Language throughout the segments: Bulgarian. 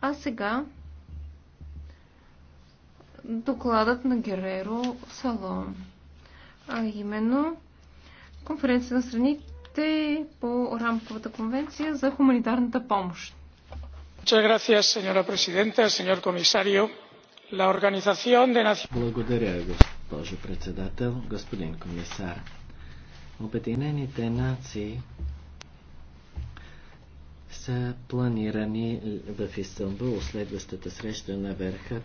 А сега докладът на Гереро Салон, а именно конференция на страните по рамковата конвенция за хуманитарната помощ. Благодаря, госпожо председател, господин комисар. Обединените нации са планирани е, в Истанбул следващата среща на верха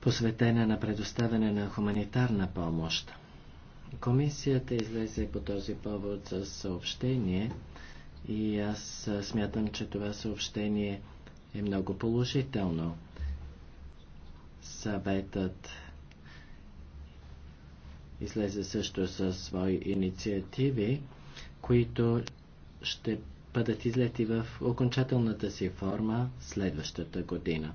посветена на предоставяне на хуманитарна помощ. Комисията излезе по този повод за съобщение и аз смятам, че това съобщение е много положително. Съветът излезе също със свои инициативи, които ще бъдат излети в окончателната си форма следващата година.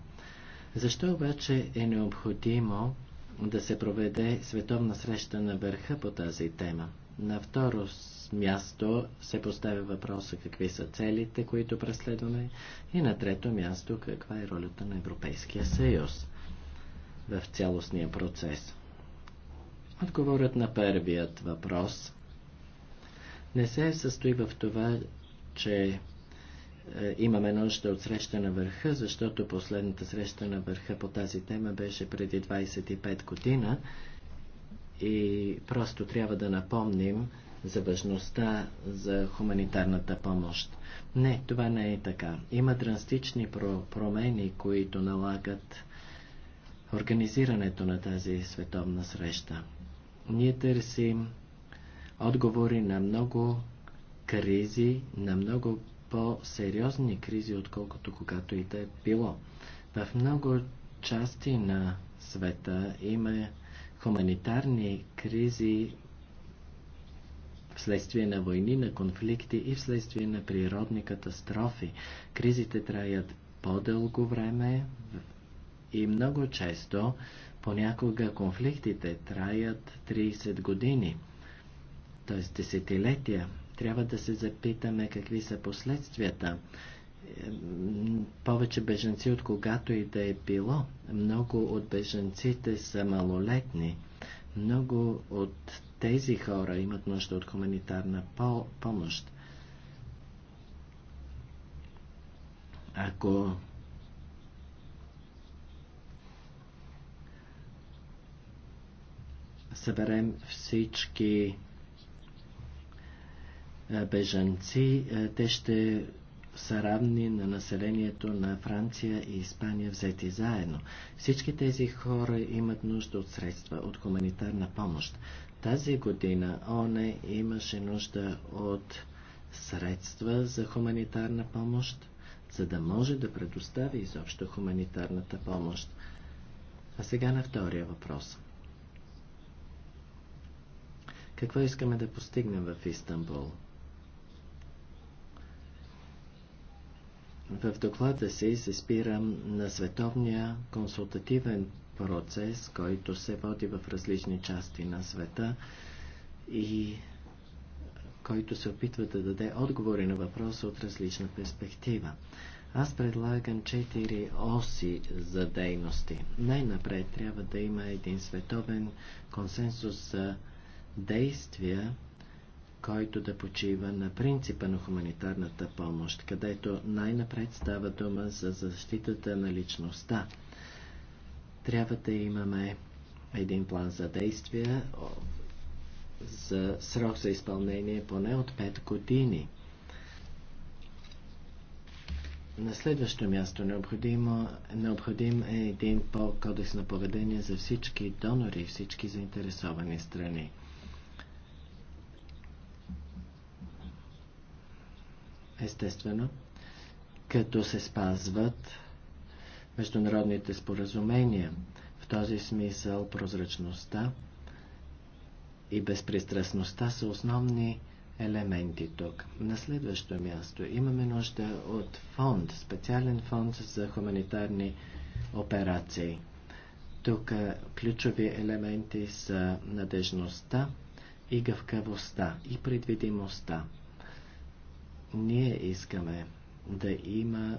Защо обаче е необходимо да се проведе световна среща на върха по тази тема? На второ място се поставя въпроса какви са целите, които преследваме и на трето място каква е ролята на Европейския съюз в цялостния процес. Отговорът на първият въпрос не се състои в това че е, имаме нужда от среща на върха, защото последната среща на върха по тази тема беше преди 25 година и просто трябва да напомним за важността за хуманитарната помощ. Не, това не е така. Има драстични промени, които налагат организирането на тази световна среща. Ние търсим отговори на много кризи, на много по-сериозни кризи, отколкото когато и да е било. В много части на света има хуманитарни кризи вследствие на войни, на конфликти и вследствие на природни катастрофи. Кризите траят по-дълго време и много често понякога конфликтите траят 30 години, т.е. десетилетия трябва да се запитаме какви са последствията. Повече беженци от когато и да е било. Много от беженците са малолетни. Много от тези хора имат нужда от хуманитарна по помощ. Ако съберем всички е, бежанци. Е, те ще са равни на населението на Франция и Испания взети заедно. Всички тези хора имат нужда от средства, от хуманитарна помощ. Тази година ОНЕ имаше нужда от средства за хуманитарна помощ, за да може да предостави изобщо хуманитарната помощ. А сега на втория въпрос. Какво искаме да постигнем в Истанбул? В доклада си се спирам на световния консултативен процес, който се води в различни части на света и който се опитва да даде отговори на въпроса от различна перспектива. Аз предлагам четири оси за дейности. Най-напред трябва да има един световен консенсус за действия, който да почива на принципа на хуманитарната помощ, където най-напред става дума за защитата на личността. Трябва да имаме един план за действие за срок за изпълнение поне от 5 години. На следващо място необходимо, необходим е един по-кодекс на поведение за всички донори и всички заинтересовани страни. естествено, като се спазват международните споразумения. В този смисъл прозрачността и безпристрастността са основни елементи тук. На следващо място имаме нужда от фонд, специален фонд за хуманитарни операции. Тук ключови елементи са надежността и гъвкавостта и предвидимостта. Ние искаме да има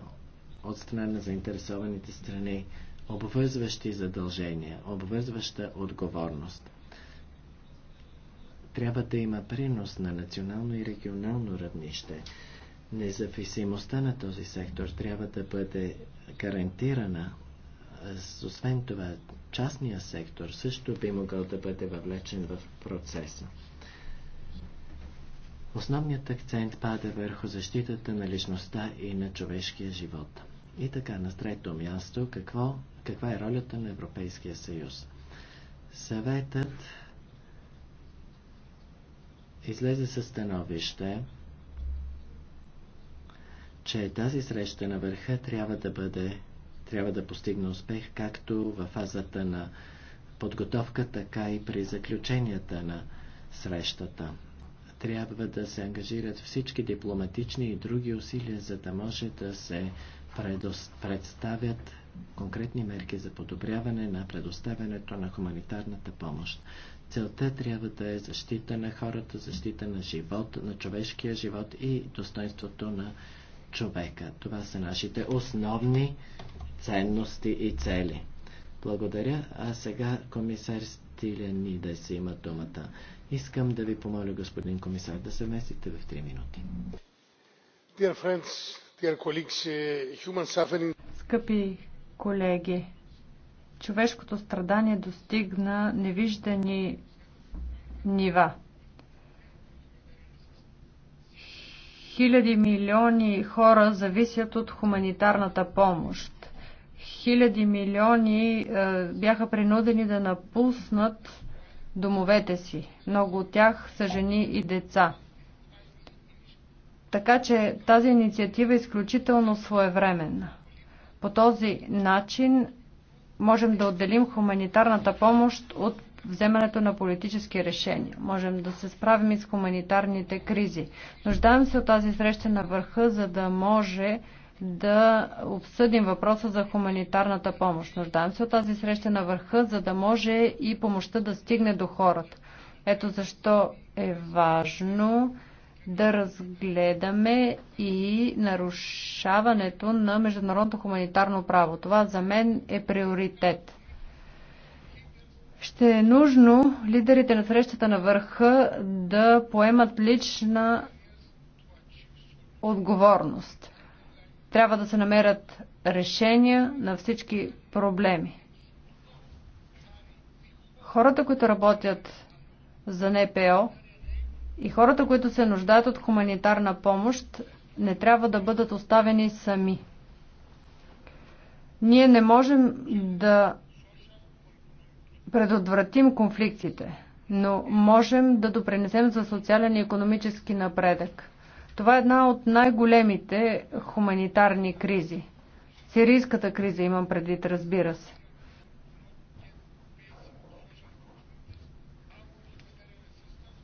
от страна на заинтересованите страни обвързващи задължения, обвързваща отговорност. Трябва да има принос на национално и регионално равнище. Независимостта на този сектор трябва да бъде гарантирана. Освен това, частния сектор също би могъл да бъде въвлечен в процеса. Основният акцент пада върху защитата на личността и на човешкия живот. И така, на трето място, какво, каква е ролята на Европейския съюз? Съветът излезе със становище, че тази среща на върха трябва да бъде, трябва да постигне успех както в фазата на подготовка, така и при заключенията на срещата трябва да се ангажират всички дипломатични и други усилия, за да може да се представят конкретни мерки за подобряване на предоставянето на хуманитарната помощ. Целта трябва да е защита на хората, защита на живот, на човешкия живот и достоинството на човека. Това са нашите основни ценности и цели. Благодаря. А сега комисар си има думата. Искам да ви помоля, господин комисар, да се вместите в 3 минути. Dear friends, dear colleagues, е, human suffering... Скъпи колеги, човешкото страдание достигна невиждани нива. Хиляди милиони хора зависят от хуманитарната помощ. Хиляди милиони е, бяха принудени да напуснат домовете си. Много от тях са жени и деца. Така че тази инициатива е изключително своевременна. По този начин можем да отделим хуманитарната помощ от вземането на политически решения. Можем да се справим и с хуманитарните кризи. Нуждаем се от тази среща на върха, за да може да обсъдим въпроса за хуманитарната помощ. Нуждаем се от тази среща на върха, за да може и помощта да стигне до хората. Ето защо е важно да разгледаме и нарушаването на международното хуманитарно право. Това за мен е приоритет. Ще е нужно лидерите на срещата на върха да поемат лична отговорност. Трябва да се намерят решения на всички проблеми. Хората, които работят за НПО и хората, които се нуждаят от хуманитарна помощ, не трябва да бъдат оставени сами. Ние не можем да предотвратим конфликтите, но можем да допренесем за социален и економически напредък. Това е една от най-големите хуманитарни кризи. Сирийската криза имам предвид, разбира се.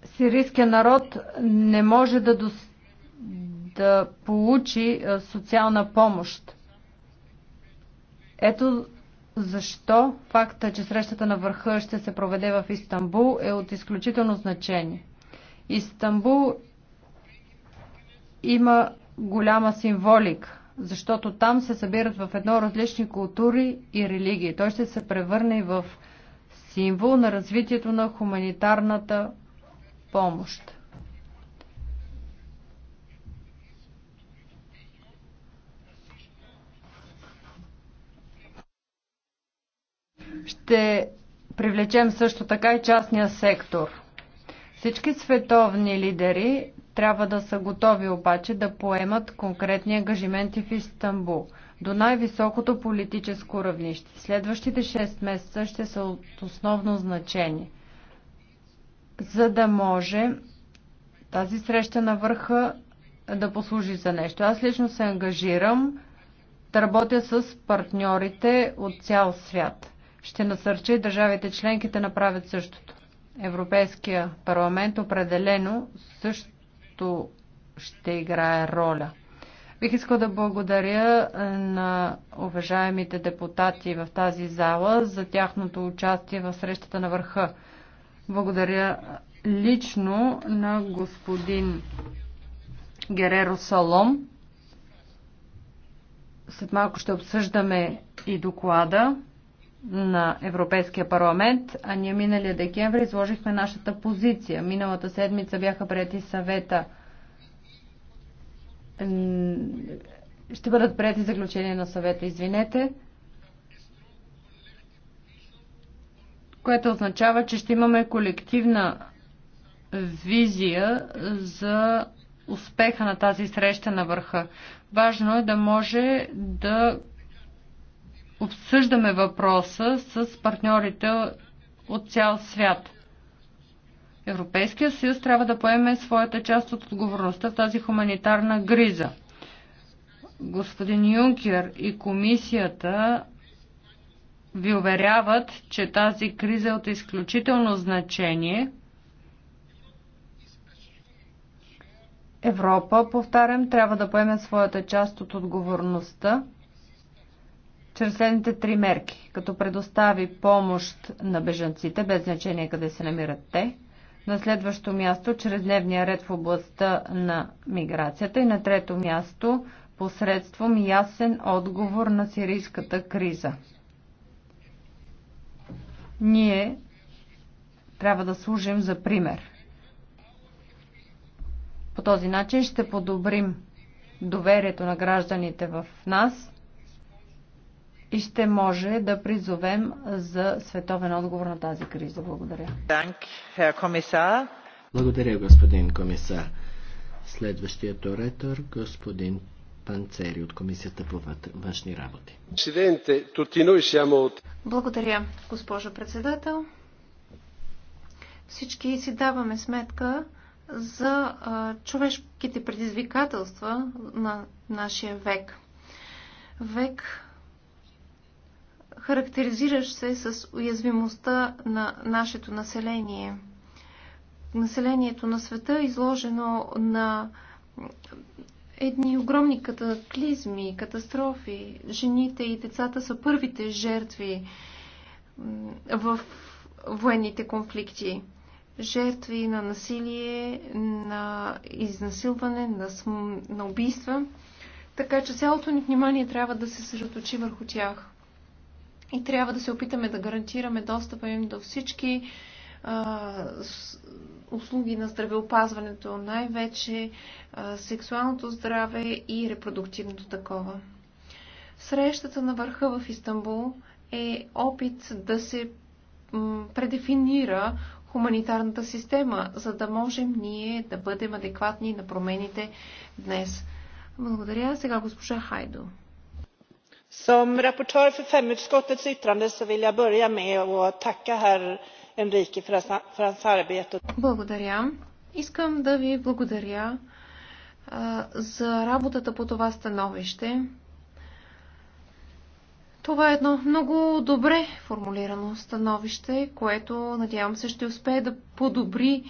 Сирийският народ не може да, дос... да получи социална помощ. Ето защо факта, че срещата на върха ще се проведе в Истанбул е от изключително значение. Истанбул има голяма символика, защото там се събират в едно различни култури и религии. Той ще се превърне в символ на развитието на хуманитарната помощ. Ще привлечем също така и частния сектор. Всички световни лидери трябва да са готови обаче да поемат конкретни ангажименти в Истанбул до най-високото политическо равнище. Следващите 6 месеца ще са от основно значение, за да може тази среща на върха да послужи за нещо. Аз лично се ангажирам да работя с партньорите от цял свят. Ще насърча и държавите членки да направят същото. Европейския парламент определено също също ще играе роля. Бих искал да благодаря е, на уважаемите депутати в тази зала за тяхното участие в срещата на върха. Благодаря е, лично на господин Гереро Салом. След малко ще обсъждаме и доклада на Европейския парламент, а ние миналия декември изложихме нашата позиция. Миналата седмица бяха прияти съвета. Ще бъдат прияти заключения на съвета, извинете. Което означава, че ще имаме колективна визия за успеха на тази среща на върха. Важно е да може да обсъждаме въпроса с партньорите от цял свят. Европейския съюз трябва да поеме своята част от отговорността в тази хуманитарна гриза. Господин Юнкер и комисията ви уверяват, че тази криза е от изключително значение. Европа, повтарям, трябва да поеме своята част от отговорността чрез следните три мерки. Като предостави помощ на бежанците, без значение къде се намират те. На следващо място, чрез дневния ред в областта на миграцията. И на трето място, посредством ясен отговор на сирийската криза. Ние трябва да служим за пример. По този начин ще подобрим доверието на гражданите в нас и ще може да призовем за световен отговор на тази криза. Благодаря. Благодаря, господин комисар. Следващият оретор, господин Панцери от Комисията по външни работи. Благодаря, госпожо председател. Всички си даваме сметка за а, човешките предизвикателства на нашия век. Век, Характеризираш се с уязвимостта на нашето население. Населението на света е изложено на едни огромни катаклизми, катастрофи. Жените и децата са първите жертви в военните конфликти. Жертви на насилие, на изнасилване, на, см... на убийства. Така че цялото ни внимание трябва да се съсредоточи върху тях и трябва да се опитаме да гарантираме достъпа им до всички услуги на здравеопазването, най-вече сексуалното здраве и репродуктивното такова. Срещата на върха в Истанбул е опит да се предефинира хуманитарната система, за да можем ние да бъдем адекватни на промените днес. Благодаря. Сега госпожа Хайдо som rapportör för femutskottets yttrande vill jag börja med att tacka herr Enrique för hans arbete. Благодаря. Искам да ви благодаря за работата по това становище. Това е едно много добре формулирано становище, което надявам се ще успее да подобри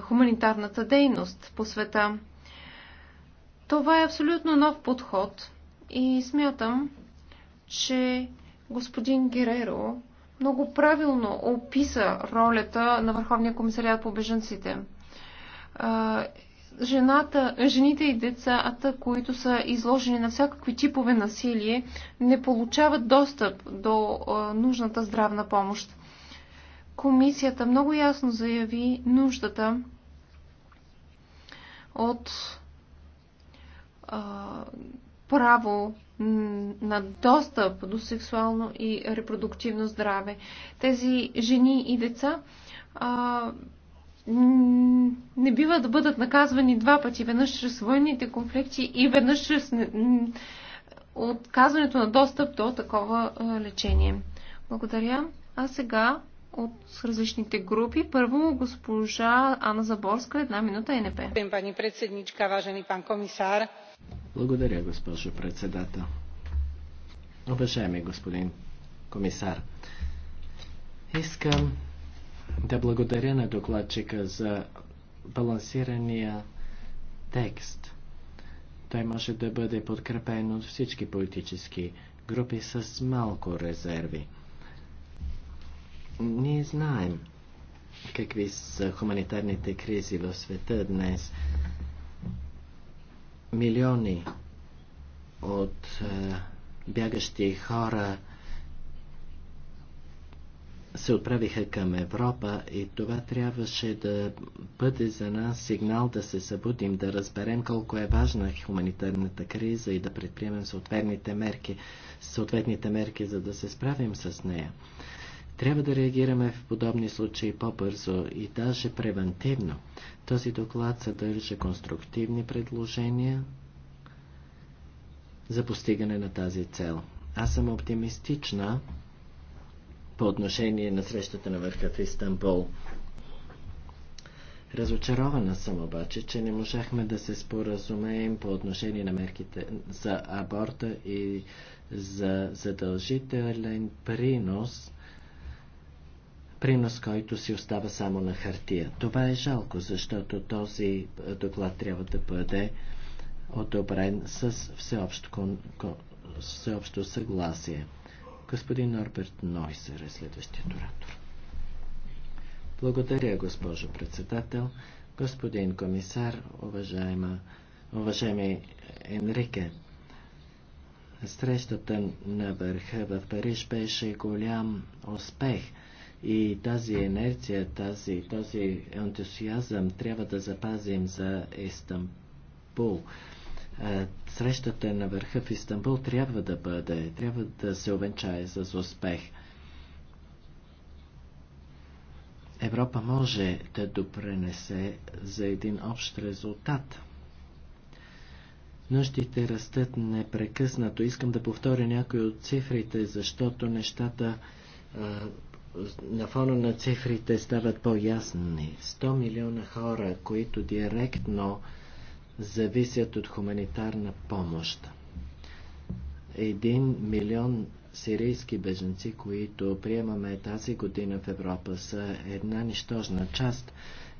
хуманитарната дейност по света. Това е абсолютно нов подход и смятам, че господин Гереро много правилно описа ролята на Върховния комисариат по беженците. Жената, жените и децата, които са изложени на всякакви типове насилие, не получават достъп до нужната здравна помощ. Комисията много ясно заяви нуждата от право на достъп до сексуално и репродуктивно здраве. Тези жени и деца а, не бива да бъдат наказвани два пъти. Веднъж чрез военните конфликти и веднъж чрез отказването на достъп до такова лечение. Благодаря. А сега от различните групи. Първо госпожа Анна Заборска, една минута ЕНП. Пани председничка, важени пан комисар. Благодаря, госпожо председател. Уважаеми господин комисар, искам да благодаря на докладчика за балансирания текст. Той може да бъде подкрепен от всички политически групи с малко резерви. Ние знаем какви са хуманитарните кризи в света днес милиони от е, бягащи хора се отправиха към Европа и това трябваше да бъде за нас сигнал да се събудим, да разберем колко е важна хуманитарната криза и да предприемем съответните мерки, съответните мерки за да се справим с нея. Трябва да реагираме в подобни случаи по-бързо и даже превентивно. Този доклад съдържа конструктивни предложения за постигане на тази цел. Аз съм оптимистична по отношение на срещата на върха в Истанбул. Разочарована съм обаче, че не можахме да се споразумеем по отношение на мерките за аборта и за задължителен принос принос, който си остава само на хартия. Това е жалко, защото този е, доклад трябва да бъде одобрен с всеобщо, кон... всеобщо съгласие. Господин Норберт Нойсер е следващият оратор. Благодаря, госпожо председател, господин комисар, уважаема, уважаеми Енрике. Срещата на върха в Париж беше голям успех – и тази енерция, тази, този ентусиазъм трябва да запазим за Истанбул. Е, срещата на върха в Истанбул трябва да бъде, трябва да се увенчае с успех. Европа може да допренесе за един общ резултат. Нуждите растат непрекъснато. Искам да повторя някои от цифрите, защото нещата е, на фона на цифрите стават по-ясни. 100 милиона хора, които директно зависят от хуманитарна помощ. Един милион сирийски беженци, които приемаме тази година в Европа, са една нищожна част.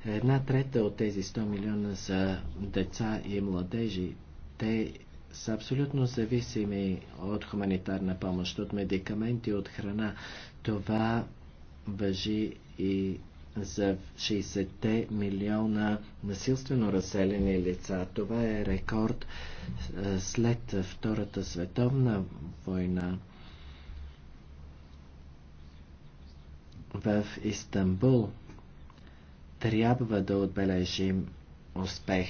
Една трета от тези 100 милиона са деца и младежи. Те са абсолютно зависими от хуманитарна помощ, от медикаменти, от храна. Това въжи и за 60-те милиона насилствено разселени лица. Това е рекорд е, след Втората световна война. В Истанбул трябва да отбележим успех.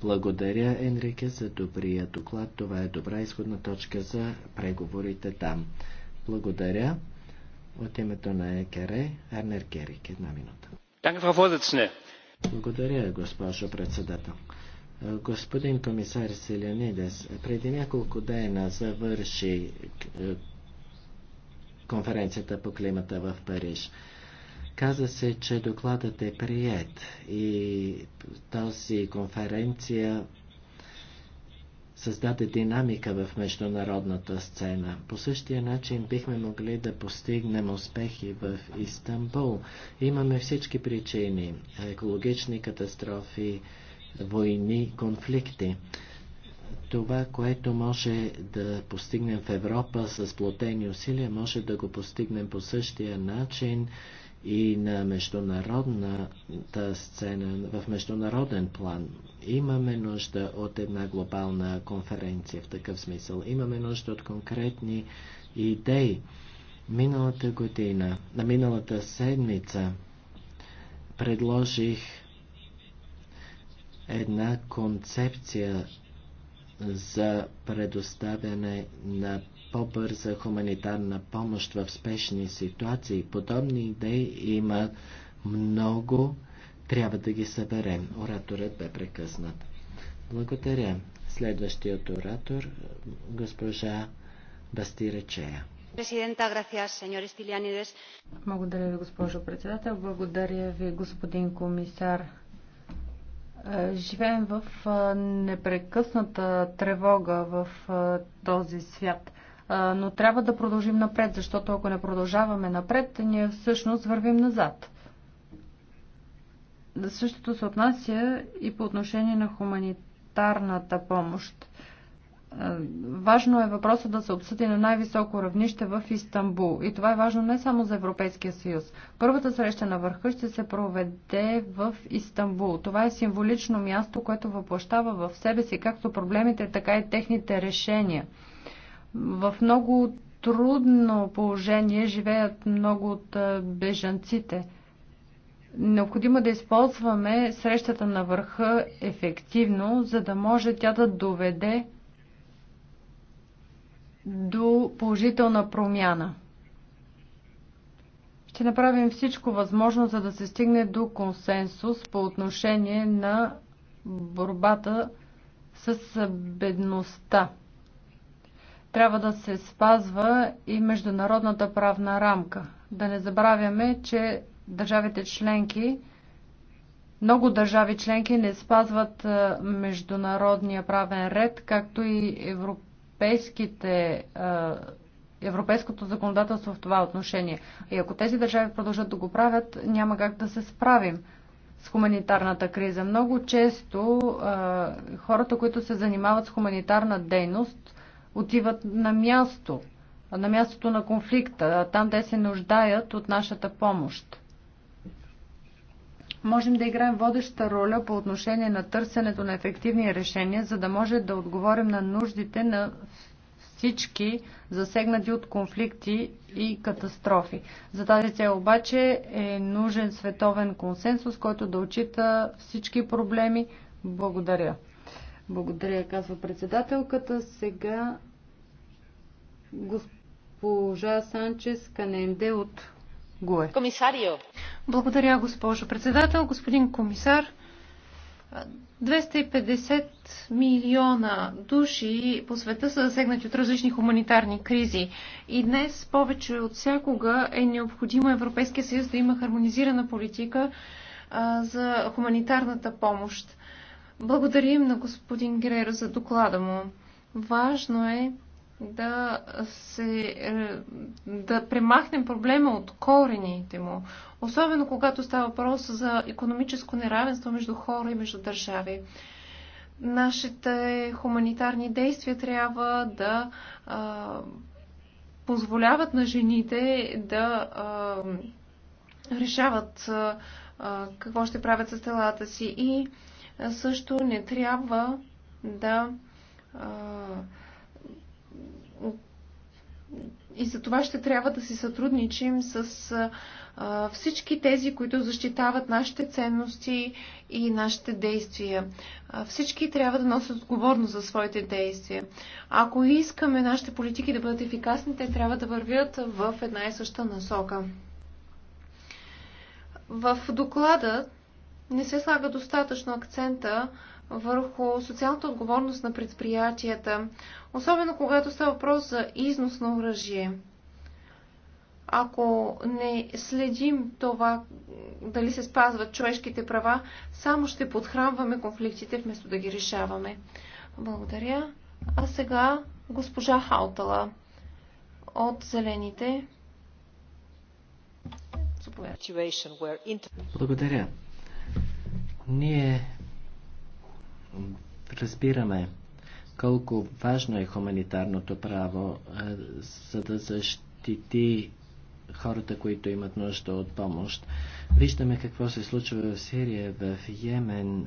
Благодаря, Енрике, за добрия доклад. Това е добра изходна точка за преговорите там. Благодаря. От името на Арнер Керик, една минута. Благодаря, госпожо председател. Господин комисар Селянидес, преди няколко дена завърши е, конференцията по климата в Париж. Каза се, че докладът е прият и тази конференция създаде динамика в международната сцена. По същия начин бихме могли да постигнем успехи в Истанбул. Имаме всички причини – екологични катастрофи, войни, конфликти. Това, което може да постигнем в Европа с плотени усилия, може да го постигнем по същия начин и на международната сцена, в международен план. Имаме нужда от една глобална конференция в такъв смисъл. Имаме нужда от конкретни идеи. Миналата година, на миналата седмица, предложих една концепция за предоставяне на по-бърза хуманитарна помощ в спешни ситуации. Подобни идеи има много. Трябва да ги съберем. Ораторът бе прекъснат. Благодаря. Следващият оратор, госпожа Бастиречея. Благодаря ви, госпожо председател. Благодаря ви, господин комисар. Е, живеем в е, непрекъсната тревога в е, този свят но трябва да продължим напред, защото ако не продължаваме напред, ние всъщност вървим назад. Същото се отнася и по отношение на хуманитарната помощ. Важно е въпросът да се обсъди на най-високо равнище в Истанбул. И това е важно не само за Европейския съюз. Първата среща на върха ще се проведе в Истанбул. Това е символично място, което въплащава в себе си както проблемите, така и техните решения – в много трудно положение живеят много от бежанците. Необходимо е да използваме срещата на върха ефективно, за да може тя да доведе до положителна промяна. Ще направим всичко възможно, за да се стигне до консенсус по отношение на борбата с бедността трябва да се спазва и международната правна рамка. Да не забравяме, че държавите членки, много държави членки не спазват международния правен ред, както и европейските, европейското законодателство в това отношение. И ако тези държави продължат да го правят, няма как да се справим с хуманитарната криза. Много често хората, които се занимават с хуманитарна дейност, отиват на място, на мястото на конфликта, там де се нуждаят от нашата помощ. Можем да играем водеща роля по отношение на търсенето на ефективни решения, за да може да отговорим на нуждите на всички засегнати от конфликти и катастрофи. За тази цел обаче е нужен световен консенсус, който да очита всички проблеми. Благодаря. Благодаря, казва председателката. Сега госпожа Санчес Каненде от ГУЕ. Комисарио. Благодаря, госпожо председател. Господин комисар, 250 милиона души по света са засегнати от различни хуманитарни кризи. И днес повече от всякога е необходимо Европейския съюз да има хармонизирана политика а, за хуманитарната помощ. Благодарим на господин Грер за доклада му. Важно е да, се, е, да премахнем проблема от корените му, особено когато става въпрос за економическо неравенство между хора и между държави. Нашите хуманитарни действия трябва да а, позволяват на жените да а, решават а, какво ще правят с телата си и а, също не трябва да. И за това ще трябва да си сътрудничим с всички тези, които защитават нашите ценности и нашите действия. Всички трябва да носят отговорност за своите действия. Ако искаме нашите политики да бъдат ефикасни, те трябва да вървят в една и съща насока. В доклада не се слага достатъчно акцента върху социалната отговорност на предприятията, особено когато става въпрос за износ на оръжие. Ако не следим това дали се спазват човешките права, само ще подхранваме конфликтите вместо да ги решаваме. Благодаря. А сега госпожа Хаутала от Зелените. Благодаря. Ние разбираме колко важно е хуманитарното право, за да защити хората, които имат нужда от помощ. Виждаме какво се случва в Сирия, в Йемен.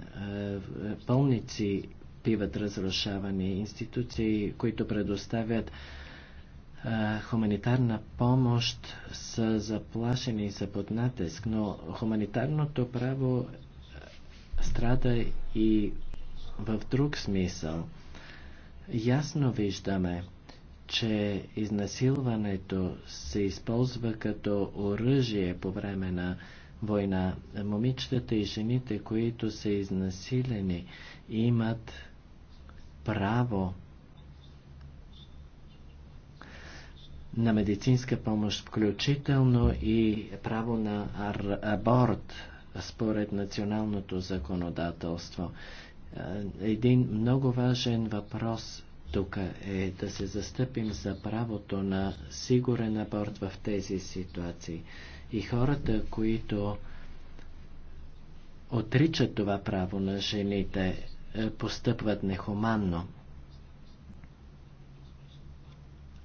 пълници биват разрушавани, институции, които предоставят хуманитарна помощ са заплашени и са под натиск, но хуманитарното право страда и в друг смисъл. Ясно виждаме, че изнасилването се използва като оръжие по време на война. Момичетата и жените, които са изнасилени, имат право на медицинска помощ, включително и право на аборт според националното законодателство. Един много важен въпрос тук е да се застъпим за правото на сигурен аборт в тези ситуации. И хората, които отричат това право на жените, е, постъпват нехуманно.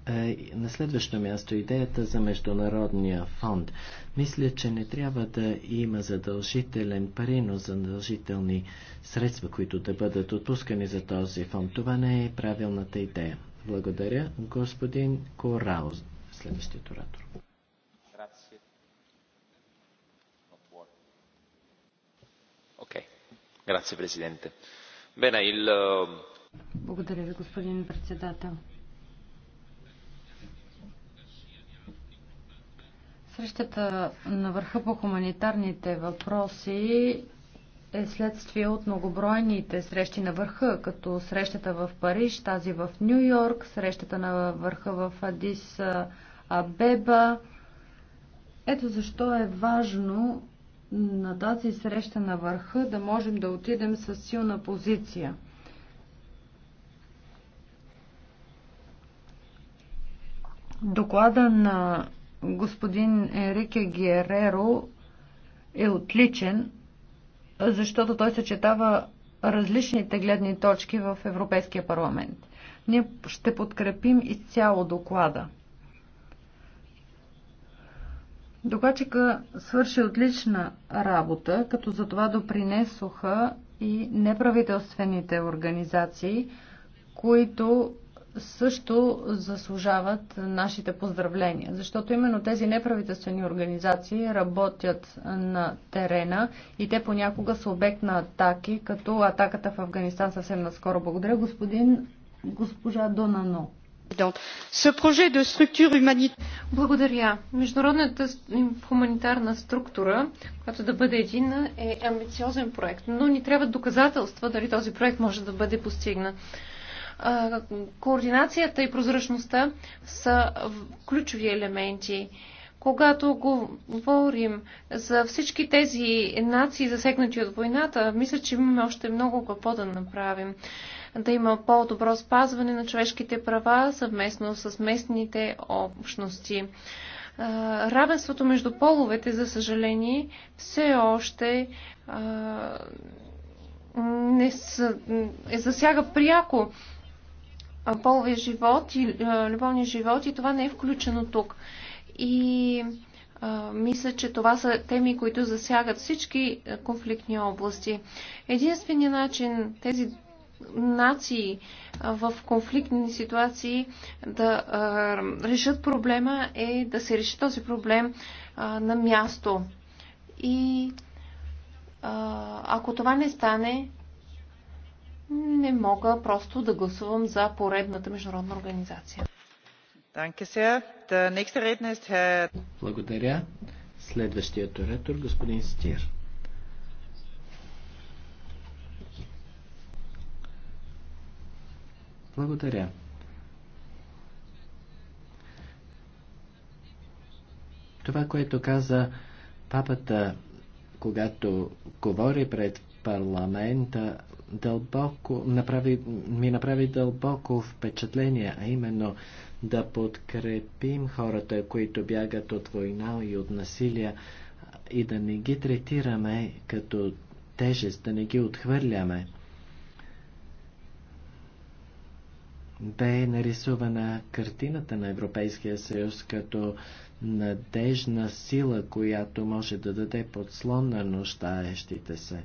Е, на следващо място идеята за Международния фонд. Мисля, че не трябва да има задължителен пари, но задължителни средства, които да бъдат отпускани за този фонд. Това не е правилната идея. Благодаря, господин Корао, следващият оратор. Благодаря ви, господин председател. Срещата на върха по хуманитарните въпроси е следствие от многобройните срещи на върха, като срещата в Париж, тази в Нью Йорк, срещата на върха в Адис Абеба. Ето защо е важно на тази среща на върха да можем да отидем с силна позиция. Доклада на господин Ерике Гереро е отличен, защото той съчетава различните гледни точки в Европейския парламент. Ние ще подкрепим изцяло доклада. Докладчика свърши отлична работа, като за това допринесоха и неправителствените организации, които също заслужават нашите поздравления, защото именно тези неправителствени организации работят на терена и те понякога са обект на атаки, като атаката в Афганистан съвсем наскоро. Благодаря, господин госпожа Донано. Благодаря. Международната хуманитарна структура, която да бъде един, е амбициозен проект, но ни трябва доказателства дали този проект може да бъде постигнат координацията и прозрачността са ключови елементи. Когато говорим за всички тези нации, засегнати от войната, мисля, че имаме още много какво да направим. Да има по-добро спазване на човешките права съвместно с местните общности. Равенството между половете, за съжаление, все още не са, е, засяга пряко половия живот и любовния живот и това не е включено тук. И а, мисля, че това са теми, които засягат всички конфликтни области. Единственият начин тези нации в конфликтни ситуации да а, решат проблема е да се реши този проблем а, на място. И ако това не стане, не мога просто да гласувам за поредната международна организация. Благодаря. Следващият оратор, господин Стир. Благодаря. Това, което каза папата, когато говори пред парламента дълбоко, направи, ми направи дълбоко впечатление, а именно да подкрепим хората, които бягат от война и от насилие и да не ги третираме като тежест, да не ги отхвърляме. Бе нарисувана картината на Европейския съюз като надежна сила, която може да даде подслон на нуждаещите се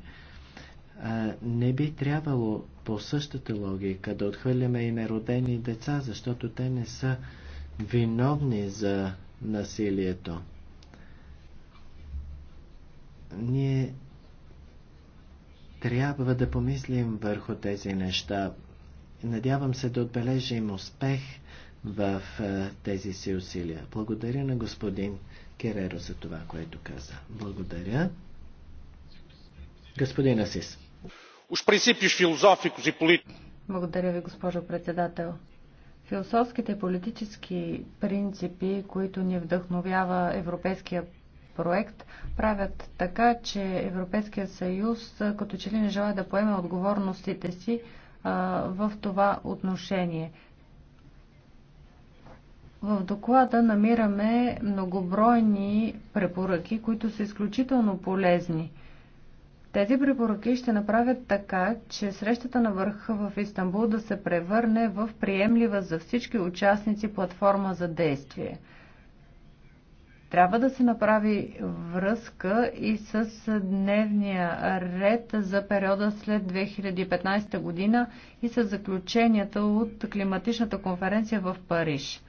не би трябвало по същата логика да отхвърляме и неродени деца, защото те не са виновни за насилието. Ние трябва да помислим върху тези неща. Надявам се да отбележим успех в тези си усилия. Благодаря на господин Кереро за това, което каза. Благодаря. Господин Асис. E Благодаря ви, госпожо председател. Философските политически принципи, които ни вдъхновява европейския проект, правят така, че Европейския съюз като че ли не желая да поеме отговорностите си а, в това отношение. В доклада намираме многобройни препоръки, които са изключително полезни. Тези препоръки ще направят така, че срещата на върха в Истанбул да се превърне в приемлива за всички участници платформа за действие. Трябва да се направи връзка и с дневния ред за периода след 2015 година и с заключенията от климатичната конференция в Париж.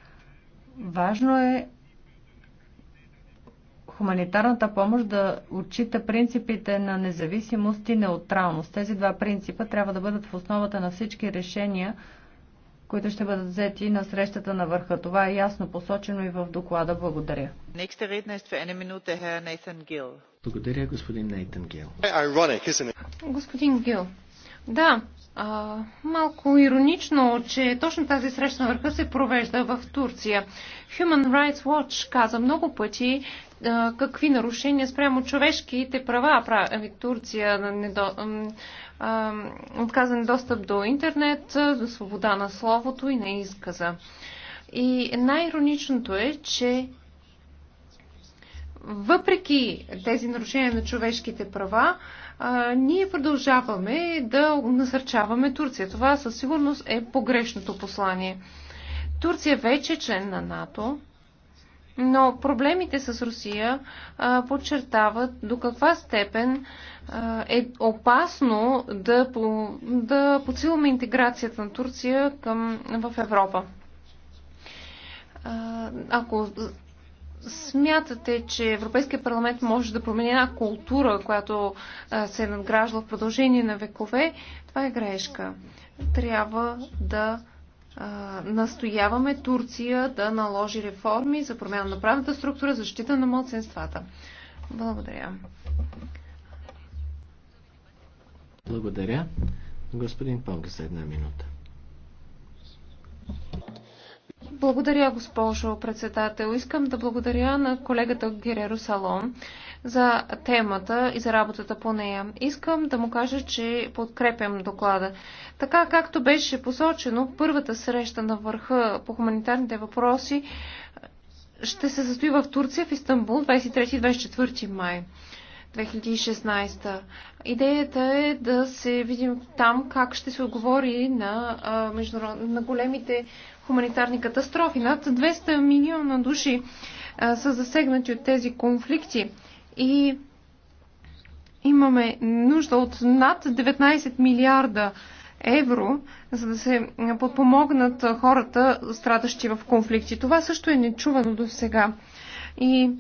Важно е хуманитарната помощ да отчита принципите на независимост и неутралност. Тези два принципа трябва да бъдат в основата на всички решения, които ще бъдат взети на срещата на върха. Това е ясно посочено и в доклада. Благодаря. Благодаря, господин Нейтан Гил. Господин Гил, да, а, малко иронично, че точно тази среща на върха се провежда в Турция. Human Rights Watch каза много пъти а, какви нарушения спрямо човешките права прави Турция на недо, а, отказан достъп до интернет, до свобода на словото и на изказа. И най-ироничното е, че въпреки тези нарушения на човешките права, а, ние продължаваме да насърчаваме Турция. Това със сигурност е погрешното послание. Турция вече е член на НАТО, но проблемите с Русия а, подчертават до каква степен а, е опасно да, да подсилваме интеграцията на Турция към, в Европа. А, ако смятате, че Европейския парламент може да промени една култура, която се е надгражда в продължение на векове, това е грешка. Трябва да настояваме Турция да наложи реформи за промяна на правната структура, защита на младсенствата. Благодаря. Благодаря. Господин Понг за една минута. Благодаря, госпожо председател. Искам да благодаря на колегата Гереро Салон за темата и за работата по нея. Искам да му кажа, че подкрепям доклада. Така както беше посочено, първата среща на върха по хуманитарните въпроси ще се състои в Турция, в Истанбул, 23-24 май. 2016. Идеята е да се видим там как ще се отговори на, на големите хуманитарни катастрофи. Над 200 милиона души са засегнати от тези конфликти и имаме нужда от над 19 милиарда евро, за да се подпомогнат хората, страдащи в конфликти. Това също е нечувано до сега. И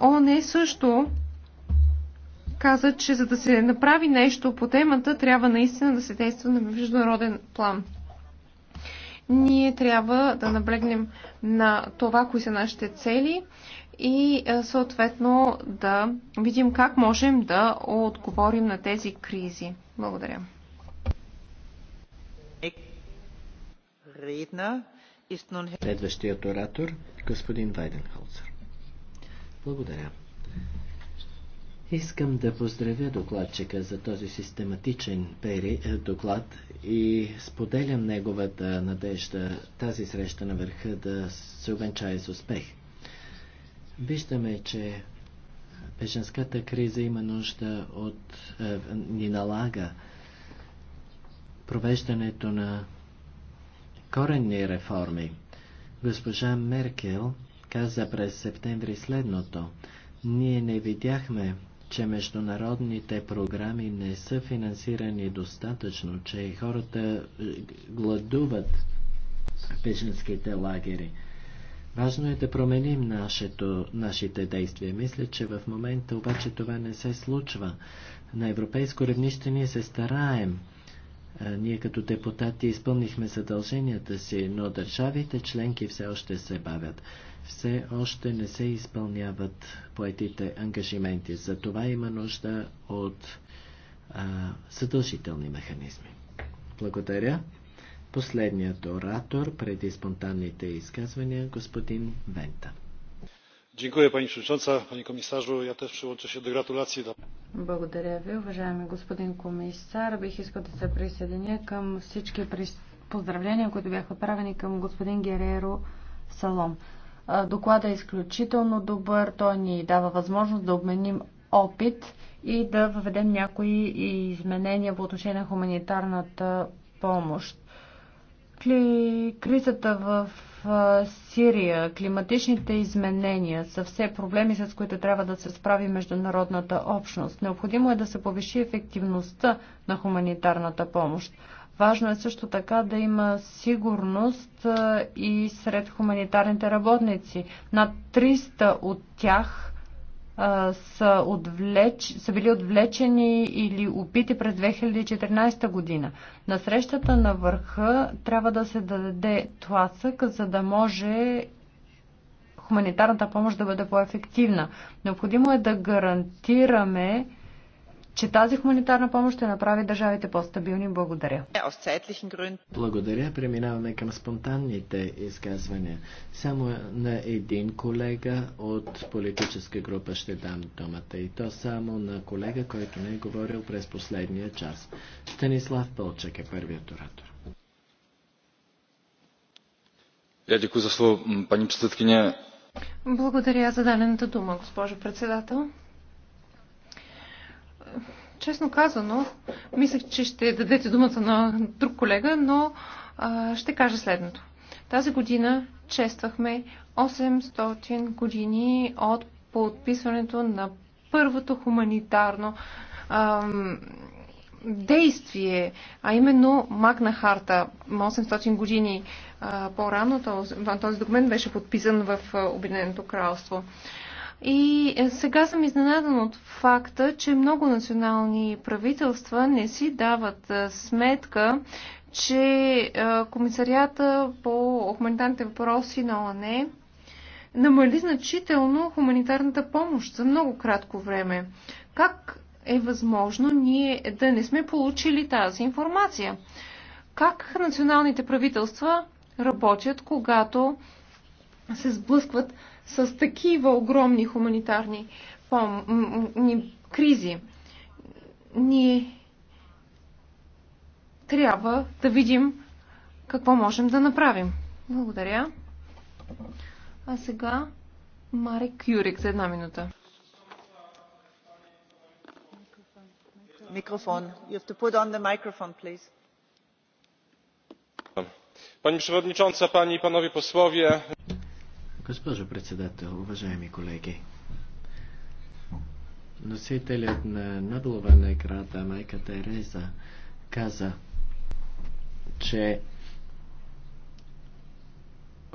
ООН е също каза, че за да се направи нещо по темата, трябва наистина да се действа на международен план. Ние трябва да наблегнем на това, кои са нашите цели и е, съответно да видим как можем да отговорим на тези кризи. Благодаря. Следващият оратор, господин Вайденхолцер. Благодаря. Искам да поздравя докладчика за този систематичен пери, е, доклад и споделям неговата надежда тази среща на върха да се увенчае с успех. Виждаме, че беженската криза има нужда от... Е, ни налага провеждането на коренни реформи. Госпожа Меркел каза през септември следното. Ние не видяхме че международните програми не са финансирани достатъчно, че хората е, гладуват беженските лагери. Важно е да променим нашето, нашите действия. Мисля, че в момента обаче това не се случва. На европейско равнище ние се стараем. Е, ние като депутати изпълнихме задълженията си, но държавите членки все още се бавят все още не се изпълняват поетите ангажименти. За това има нужда от а, съдължителни механизми. Благодаря. Последният оратор преди спонтанните изказвания, господин Вента. Пани я теж се до Благодаря ви, уважаеми господин комисар. Бих искал да се присъединя към всички поздравления, които бяха правени към господин Гереро Салом. Докладът е изключително добър, той ни дава възможност да обменим опит и да въведем някои изменения по отношение на хуманитарната помощ. Кризата в Сирия, климатичните изменения са все проблеми, с които трябва да се справи международната общност. Необходимо е да се повиши ефективността на хуманитарната помощ. Важно е също така да има сигурност и сред хуманитарните работници. Над 300 от тях са, отвлеч, са били отвлечени или убити през 2014 година. На срещата на върха трябва да се даде тласък, за да може хуманитарната помощ да бъде по-ефективна. Необходимо е да гарантираме че тази хуманитарна помощ ще направи държавите по-стабилни. Благодаря. Благодаря. Преминаваме към спонтанните изказвания. Само на един колега от политическа група ще дам думата. И то само на колега, който не е говорил през последния час. Станислав Пълчек е първият оратор. Я за слово, пани Благодаря за дадената дума, госпожо председател честно казано, мислех, че ще дадете думата на друг колега, но а, ще кажа следното. Тази година чествахме 800 години от подписването на първото хуманитарно а, действие, а именно Магна Харта. 800 години по-рано този, този документ беше подписан в Обединеното кралство. И е, сега съм изненадан от факта, че много национални правителства не си дават е, сметка, че е, комисарията по хуманитарните въпроси на ОНЕ намали значително хуманитарната помощ за много кратко време. Как е възможно ние да не сме получили тази информация? Как националните правителства работят, когато се сблъскват с такива огромни хуманитарни кризи, ние трябва да видим какво можем да направим. Благодаря. А сега Марик Юрик за една минута. Микрофон. You have to put on the microphone, please pani przewodnicząca panie i panowie posłowie! Госпожо председател, уважаеми колеги, носителят на Нобелова награда майка Тереза каза, че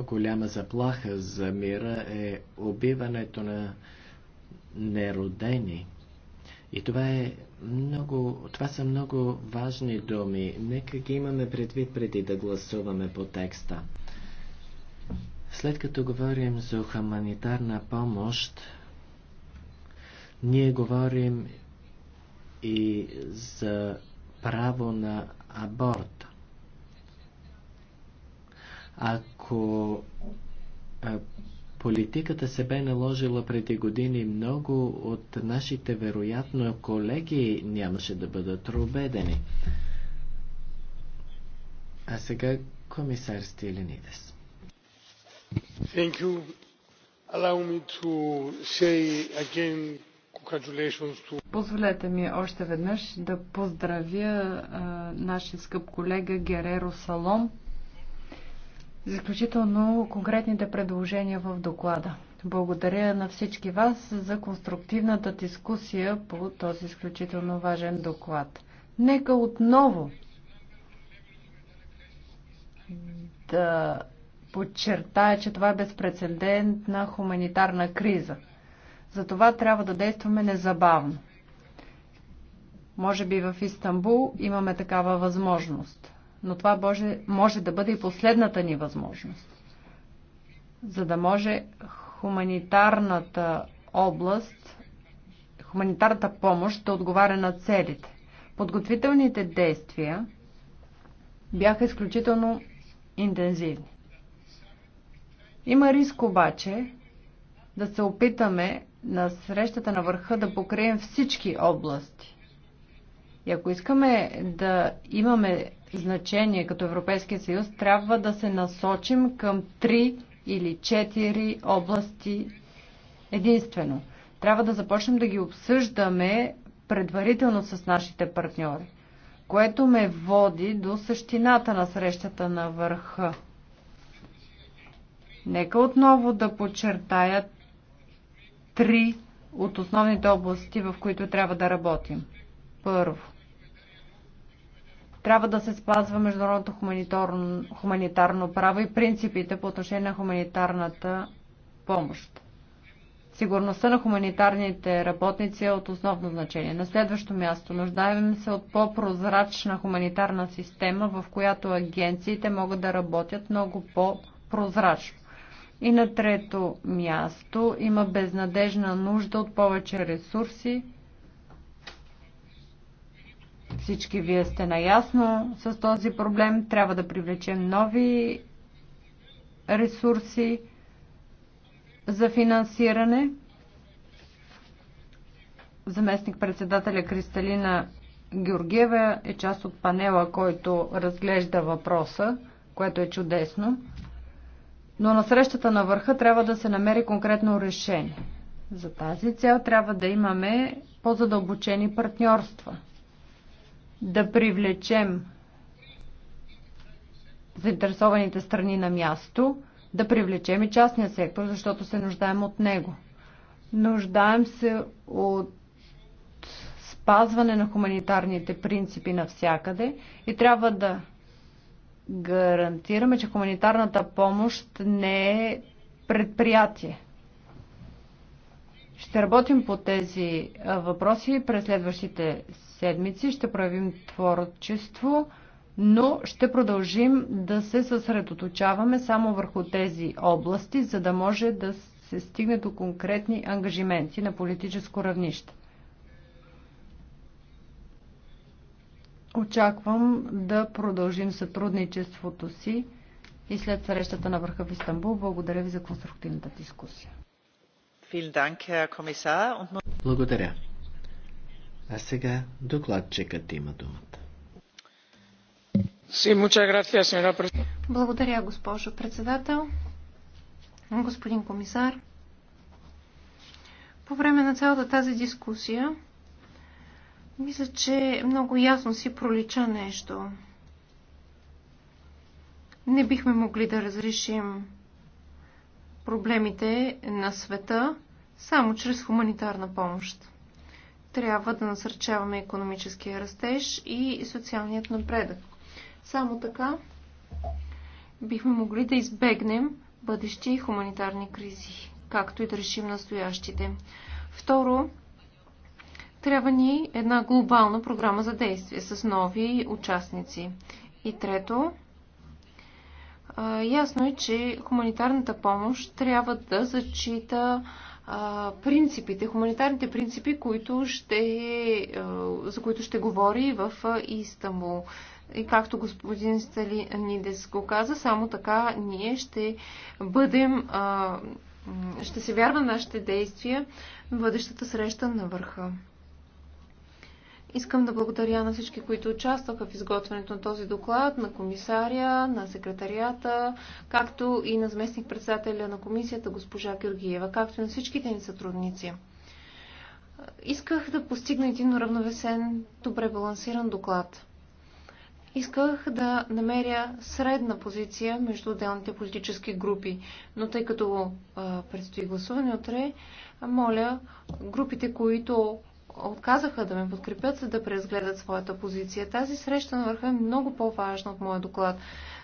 голяма заплаха за мира е убиването на неродени. И това, е много, това са много важни думи. Нека ги имаме предвид преди да гласуваме по текста. След като говорим за хуманитарна помощ, ние говорим и за право на аборт. Ако е, политиката се бе наложила преди години, много от нашите вероятно колеги нямаше да бъдат убедени. А сега комисар Стилинидес. Позволете ми още веднъж да поздравя а, нашия скъп колега Гереро Салом за изключително конкретните предложения в доклада. Благодаря на всички вас за конструктивната дискусия по този изключително важен доклад. Нека отново да подчертая, че това е безпредседентна хуманитарна криза. Затова трябва да действаме незабавно. Може би в Истанбул имаме такава възможност, но това може, може да бъде и последната ни възможност. За да може хуманитарната област, хуманитарната помощ да отговаря на целите. Подготвителните действия бяха изключително интензивни. Има риск обаче да се опитаме на срещата на върха да покрием всички области. И ако искаме да имаме значение като Европейския съюз, трябва да се насочим към три или четири области единствено. Трябва да започнем да ги обсъждаме предварително с нашите партньори, което ме води до същината на срещата на върха – Нека отново да подчертая три от основните области, в които трябва да работим. Първо, трябва да се спазва международното хуманитарно, хуманитарно право и принципите по отношение на хуманитарната помощ. Сигурността на хуманитарните работници е от основно значение. На следващо място нуждаем се от по-прозрачна хуманитарна система, в която агенциите могат да работят много по-прозрачно. И на трето място има безнадежна нужда от повече ресурси. Всички вие сте наясно с този проблем. Трябва да привлечем нови ресурси за финансиране. Заместник председателя Кристалина Георгиева е част от панела, който разглежда въпроса, което е чудесно. Но на срещата на върха трябва да се намери конкретно решение. За тази цел трябва да имаме по-задълбочени партньорства. Да привлечем заинтересованите страни на място, да привлечем и частния сектор, защото се нуждаем от него. Нуждаем се от спазване на хуманитарните принципи навсякъде и трябва да гарантираме, че хуманитарната помощ не е предприятие. Ще работим по тези въпроси през следващите седмици. Ще правим творчество, но ще продължим да се съсредоточаваме само върху тези области, за да може да се стигне до конкретни ангажименти на политическо равнище. Очаквам да продължим сътрудничеството си и след срещата на върха в Истанбул. Благодаря ви за конструктивната дискусия. Благодаря. А сега докладчикът има думата. Благодаря, госпожо председател. Господин комисар, по време на цялата тази дискусия мисля, че много ясно си пролича нещо. Не бихме могли да разрешим проблемите на света само чрез хуманитарна помощ. Трябва да насърчаваме економическия растеж и социалният напредък. Само така бихме могли да избегнем бъдещи хуманитарни кризи, както и да решим настоящите. Второ, трябва ни една глобална програма за действие с нови участници. И трето, ясно е, че хуманитарната помощ трябва да зачита принципите, хуманитарните принципи, които ще, за които ще говори в Истанбул. И както господин Сталинидес го каза, само така ние ще бъдем, ще се вярва нашите действия в бъдещата среща на върха. Искам да благодаря на всички, които участваха в изготвянето на този доклад, на комисаря, на секретарията, както и на заместник председателя на комисията госпожа Георгиева, както и на всичките ни сътрудници. Исках да постигна един уравновесен, добре балансиран доклад. Исках да намеря средна позиция между отделните политически групи, но тъй като а, предстои гласуване утре, моля групите, които отказаха да ме подкрепят, за да преразгледат своята позиция. Тази среща на върха е много по-важна от моя доклад.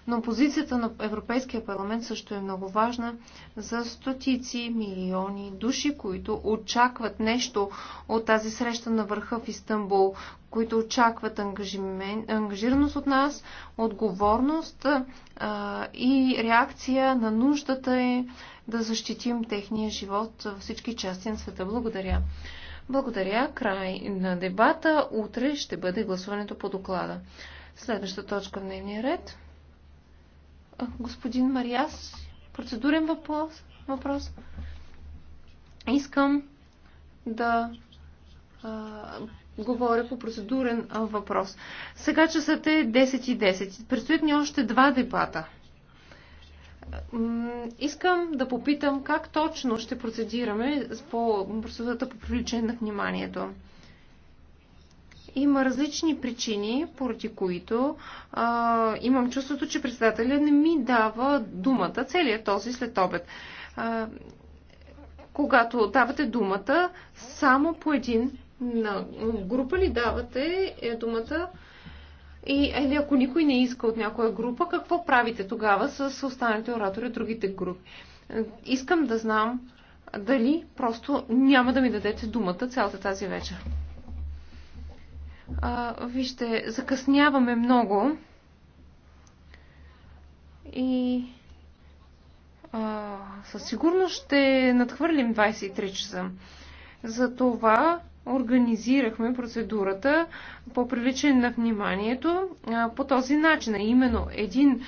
Но позицията на Европейския парламент също е много важна за стотици милиони души, които очакват нещо от тази среща на върха в Истанбул, които очакват ангажираност от нас, отговорност а, и реакция на нуждата е да защитим техния живот във всички части на света. Благодаря. Благодаря. Край на дебата. Утре ще бъде гласуването по доклада. Следваща точка в дневния ред. господин Мариас, процедурен въпрос. въпрос. Искам да а, говоря по процедурен въпрос. Сега часът е 10 и 10. Предстоят ни още два дебата искам да попитам как точно ще процедираме по процедурата по привличане на вниманието. Има различни причини, поради които а, имам чувството, че председателя не ми дава думата целият този след обед. А, когато давате думата, само по един на група ли давате е, думата и или е, ако никой не иска от някоя група, какво правите тогава с останалите оратори от другите групи? Е, искам да знам дали просто няма да ми дадете думата цялата тази вечер. А, вижте, закъсняваме много. И а, със сигурност ще надхвърлим 23 часа. Затова организирахме процедурата по привличане на вниманието по този начин. Именно един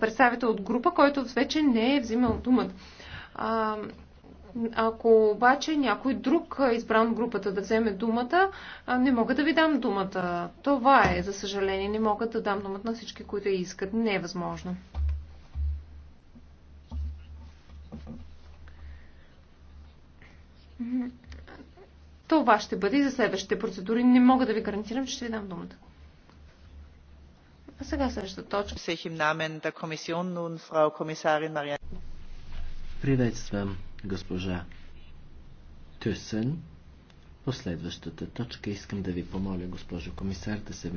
представител от група, който вече не е взимал думата. Ако обаче някой друг, избран групата, да вземе думата, не мога да ви дам думата. Това е, за съжаление. Не мога да дам думата на всички, които я искат. Не е възможно. Mm-hmm. Това ще бъде и за следващите процедури. Не мога да ви гарантирам, че ще ви дам думата. А сега следващата точка. Приветствам госпожа Тюсен. Последващата точка искам да ви помоля, госпожо комисар, да се